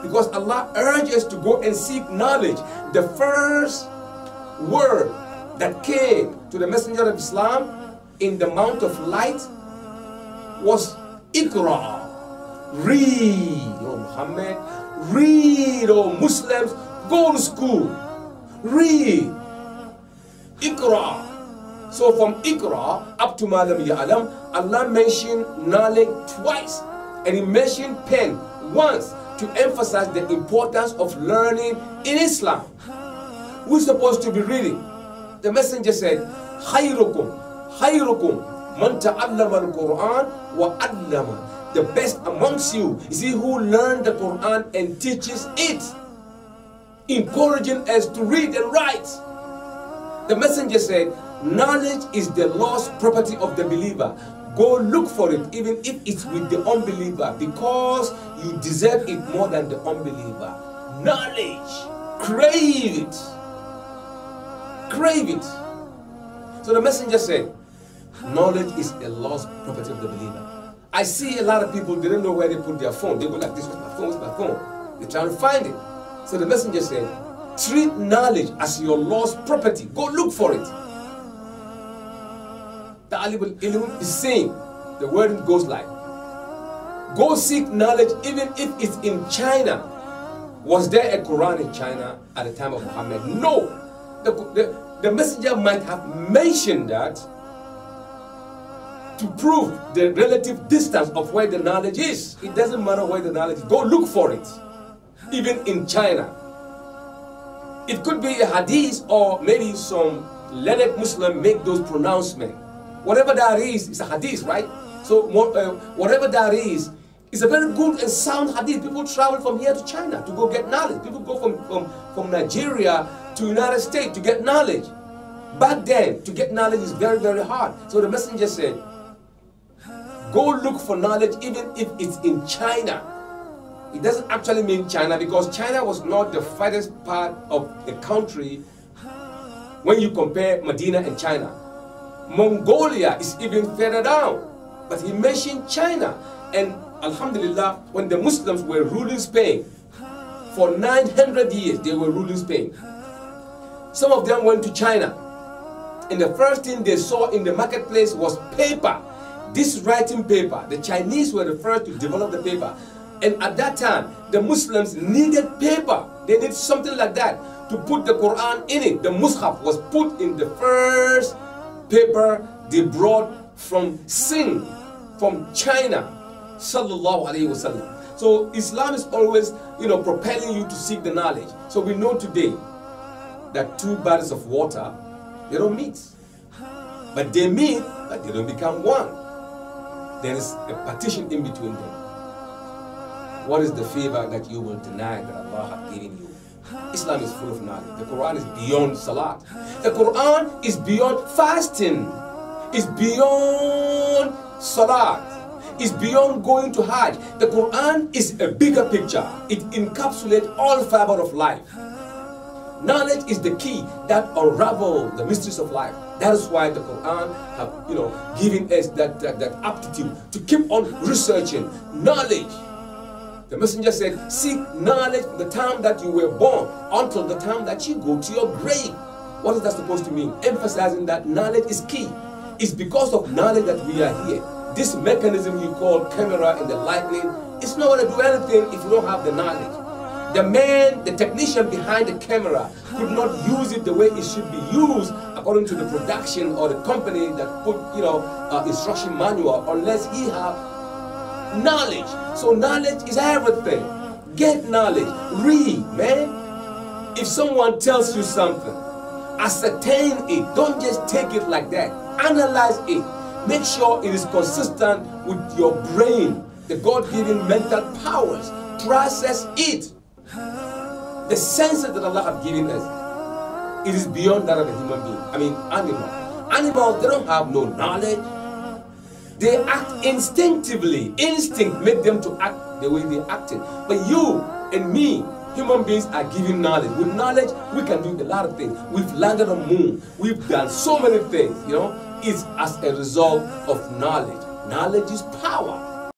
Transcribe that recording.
Because Allah urges to go and seek knowledge. The first word that came to the messenger of Islam in the Mount of Light was Iqra. Read, O Muhammad. Read, O Muslims. Go to school. Read. Iqra. So from Iqra up to Malam Ya'lam, Allah mentioned knowledge twice. And he mentioned pen once to emphasize the importance of learning in Islam. We're supposed to be reading. The messenger said, Khayrukum, Khayrukum, man ta'allama al-Quran wa allama. The best amongst you is he who learned the Quran and teaches it, encouraging us to read and write. The messenger said, knowledge is the lost property of the believer. Go look for it, even if it's with the unbeliever, because you deserve it more than the unbeliever. Knowledge, crave it. Crave it. So the messenger said, Knowledge is a lost property of the believer. I see a lot of people, they don't know where they put their phone. They go like this with my phone, with my phone. They try to find it. So the messenger said, Treat knowledge as your lost property. Go look for it. Talibul Ilm is saying, the word goes like, go seek knowledge even if it's in China. Was there a Quran in China at the time of Muhammad? No. The, the, the messenger might have mentioned that to prove the relative distance of where the knowledge is. It doesn't matter where the knowledge is. Go look for it, even in China. It could be a hadith or maybe some learned Muslim make those pronouncements. Whatever that is, it's a hadith, right? So uh, whatever that is, it's a very good and sound hadith. People travel from here to China to go get knowledge. People go from, from, from Nigeria to United States to get knowledge. Back then, to get knowledge is very, very hard. So the messenger said, go look for knowledge even if it's in China. It doesn't actually mean China because China was not the farthest part of the country when you compare Medina and China. Mongolia is even further down. But he mentioned China. And Alhamdulillah, when the Muslims were ruling Spain, for 900 years they were ruling Spain. Some of them went to China. And the first thing they saw in the marketplace was paper. This writing paper. The Chinese were the first to develop the paper. And at that time, the Muslims needed paper. They needed something like that to put the Quran in it. The Mus'haf was put in the first paper they brought from Sing, from China. Sallallahu Alaihi Wasallam. So Islam is always, you know, propelling you to seek the knowledge. So we know today that two bodies of water, they don't meet. But they meet, but they don't become one. There is a partition in between them. What is the favor that you will deny that Allah has given you? Islam is full of knowledge. The Quran is beyond salat. The Quran is beyond fasting. It's beyond salat. It's beyond going to Hajj. The Quran is a bigger picture. It encapsulates all fiber of life. Knowledge is the key that unravels the mysteries of life. That is why the Quran have, you know, given us that, that, that aptitude to keep on researching knowledge. The messenger said, seek knowledge from the time that you were born until the time that you go to your grave. What is that supposed to mean? Emphasizing that knowledge is key. It's because of knowledge that we are here. This mechanism you call camera and the lightning, it's not going to do anything if you don't have the knowledge. The man, the technician behind the camera could not use it the way it should be used according to the production or the company that put, you know, uh, instruction manual unless he have Knowledge. So knowledge is everything. Get knowledge. Read, man. If someone tells you something, ascertain it. Don't just take it like that. Analyze it. Make sure it is consistent with your brain, the God-given mental powers. Process it. The senses that Allah has given us, it is beyond that of a human being. I mean, animal. Animals, they don't have no knowledge. They act instinctively. Instinct made them to act the way they acted. But you and me, human beings are given knowledge. With knowledge, we can do a lot of things. We've landed on moon. We've done so many things, you know. It's as a result of knowledge. Knowledge is power.